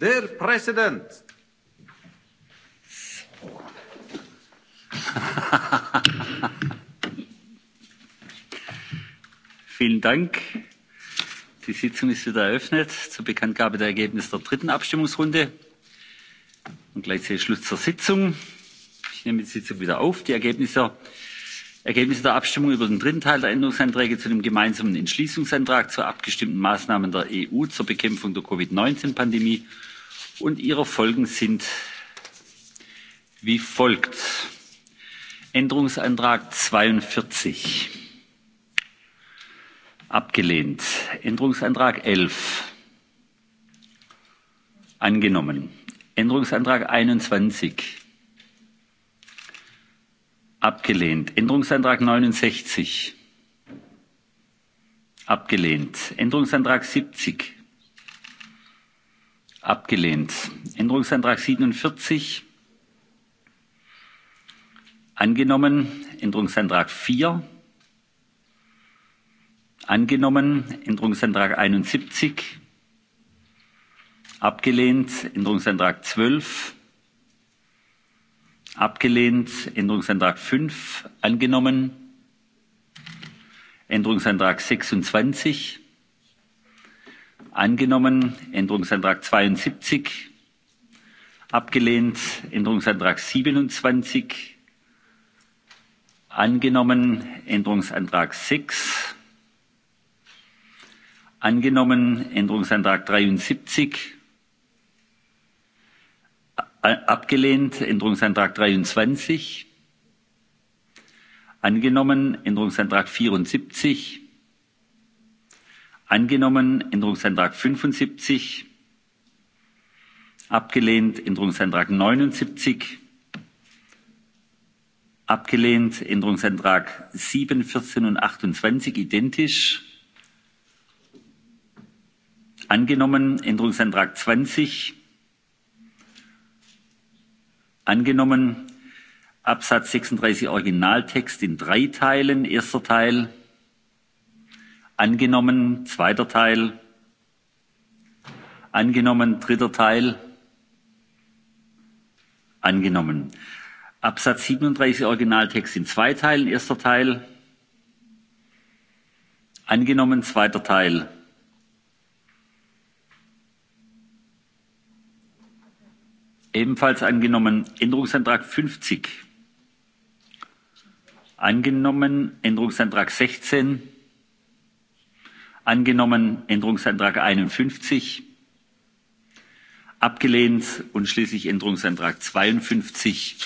Der president. Vielen Dank. Die Sitzung ist wieder eröffnet zur Bekanntgabe der Ergebnisse der dritten Abstimmungsrunde und gleichzeitig Schluss der Sitzung. Ich nehme die Sitzung wieder auf. Die Ergebnisse Ergebnisse der abstimmung über den dritten teil der änderungsanträge zu dem gemeinsamen entschließungsantrag zur abgestimmten maßnahmen der eu zur bekämpfung der covid neunzehn pandemie und ihrer folgen sind wie folgt änderungsantrag zweiundvierzig abgelehnt; änderungsantrag elf angenommen; änderungsantrag einundzwanzig abgelehnt; änderungsantrag neunundsechzig abgelehnt; änderungsantrag siebzig abgelehnt; änderungsantrag siebenundvierzig angenommen; änderungsantrag vier angenommen; änderungsantrag einundsiebzig abgelehnt; änderungsantrag zwölf abgelehnt; änderungsantrag fünf angenommen; änderungsantrag sechsundzwanzig angenommen; änderungsantrag zweiundsiebzig abgelehnt; änderungsantrag siebenundzwanzig angenommen; änderungsantrag sechs angenommen; änderungsantrag dreiundsiebzig abgelehnt; änderungsantrag dreiundzwanzig angenommen; änderungsantrag vierundsiebzig angenommen; änderungsantrag fünfundsiebzig abgelehnt; änderungsantrag neunundsiebzig abgelehnt; änderungsantrag sieben vierzehn und achtundzwanzig identisch angenommen; änderungsantrag angenommen; absatz 36 originaltext in drei teilen erster teil angenommen; zweiter teil angenommen; dritter teil angenommen; absatz 37 originaltext in zwei teilen erster teil angenommen; zweiter teil ebenfalls angenommen; änderungsantrag fünfzig angenommen; änderungsantrag sechzehn angenommen; änderungsantrag einundfünfzig abgelehnt; und schließlich änderungsantrag zweiundfünfzig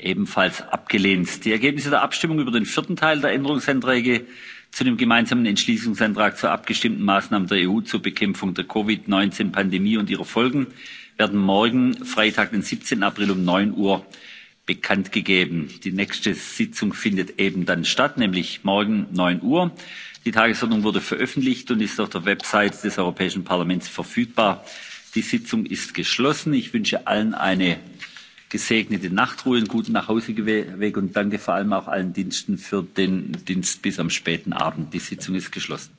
ebenfalls abgelehnt. die ergebnisse der abstimmung über den vierten teil der änderungsanträge zu dem gemeinsamen entschließungsantrag zur abgestimmten Maßnahmen der eu zur bekämpfung der covid neunzehn pandemie und ihrer folgen werden morgen freitag den. siebzehn april um. neun uhr bekanntgegeben. die nächste sitzung findet eben dann statt nämlich morgen. neun uhr die tagesordnung wurde veröffentlicht und ist auf der website des europäischen parlaments verfügbar. die sitzung ist geschlossen. ich wünsche allen eine gesegnete nachtruhe und guten nachhauseweg und danke vor allem auch allen diensten für den dienst bis am späten abend. die sitzung ist geschlossen.